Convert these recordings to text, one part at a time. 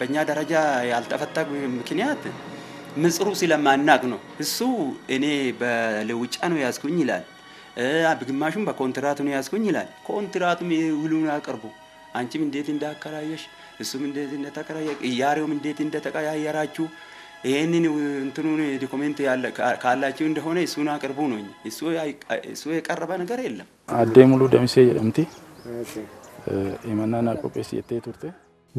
በእኛ ደረጃ ያልተፈታው ምክንያት ምጽሩ ስለማናቅ ነው። እሱ እኔ በልውጫ ነው ያዝኩኝ ይላል፣ ግማሹም በኮንትራት ነው ያዝኩኝ ይላል። ኮንትራቱም ውሉን አቅርቡ፣ አንቺም እንዴት እንዳከራየሽ፣ እሱም እንዴት እንደተከራየ፣ እያሬውም እንዴት እንደተቀያየራችሁ ይህንን እንትኑን ዶክሜንት ካላችሁ እንደሆነ እሱን አቅርቡ ነው። እሱ የቀረበ ነገር የለም። አዴ ሙሉ ደምሴ የምቲ የመናና ቆጴስ የቴ ቱርቴ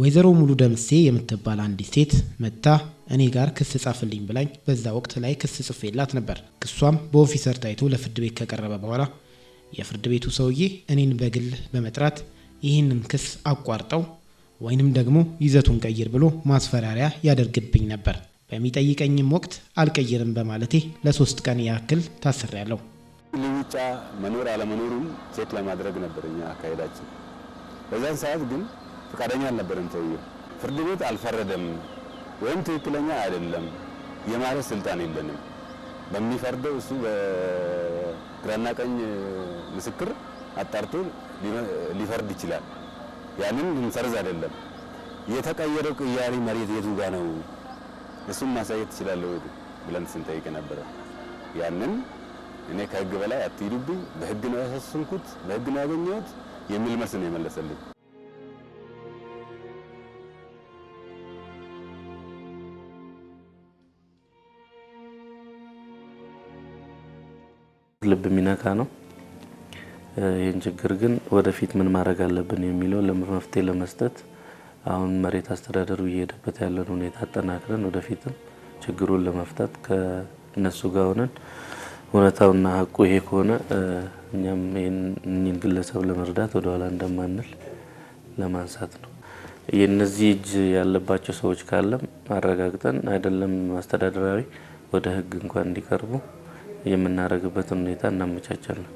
ወይዘሮ ሙሉ ደምሴ የምትባል አንዲት ሴት መጥታ እኔ ጋር ክስ ጻፍልኝ ብላኝ በዛ ወቅት ላይ ክስ ጽፌላት ነበር። ክሷም በኦፊሰር ታይቶ ለፍርድ ቤት ከቀረበ በኋላ የፍርድ ቤቱ ሰውዬ እኔን በግል በመጥራት ይህንን ክስ አቋርጠው ወይንም ደግሞ ይዘቱን ቀይር ብሎ ማስፈራሪያ ያደርግብኝ ነበር። በሚጠይቀኝም ወቅት አልቀይርም በማለቴ ለሶስት ቀን ያክል ታስሬያለሁ። ልውጫ መኖር አለመኖሩን ቼክ ለማድረግ ነበር እኛ አካሄዳችን በዛን ሰዓት ግን ፈቃደኛ አልነበረም። ሰውየው ፍርድ ቤት አልፈረደም ወይም ትክክለኛ አይደለም የማለት ስልጣን የለንም። በሚፈርደው እሱ በግራና ቀኝ ምስክር አጣርቶ ሊፈርድ ይችላል። ያንን ልንሰርዝ አይደለም። የተቀየረው ቅያሪ መሬት የቱ ጋ ነው? እሱን ማሳየት ትችላለህ ወይ ብለን ስንጠይቅ ነበረ። ያንን እኔ ከህግ በላይ አትሂዱብኝ፣ በህግ ነው ያሳስንኩት፣ በህግ ነው ያገኘሁት የሚል መልስ ነው የመለሰልኝ። ልብ የሚነካ ነው። ይህን ችግር ግን ወደፊት ምን ማድረግ አለብን የሚለው መፍትሄ ለመስጠት አሁን መሬት አስተዳደሩ እየሄደበት ያለን ሁኔታ አጠናክረን ወደፊትም ችግሩን ለመፍታት ከእነሱ ጋር ሆነን እውነታውና ሀቁ ይሄ ከሆነ እኛም ይህን ግለሰብ ለመርዳት ወደኋላ እንደማንል ለማንሳት ነው። የእነዚህ እጅ ያለባቸው ሰዎች ካለም አረጋግጠን አይደለም አስተዳደራዊ ወደ ህግ እንኳን እንዲቀርቡ የምናደርግበትን ሁኔታ እናመቻቻለን።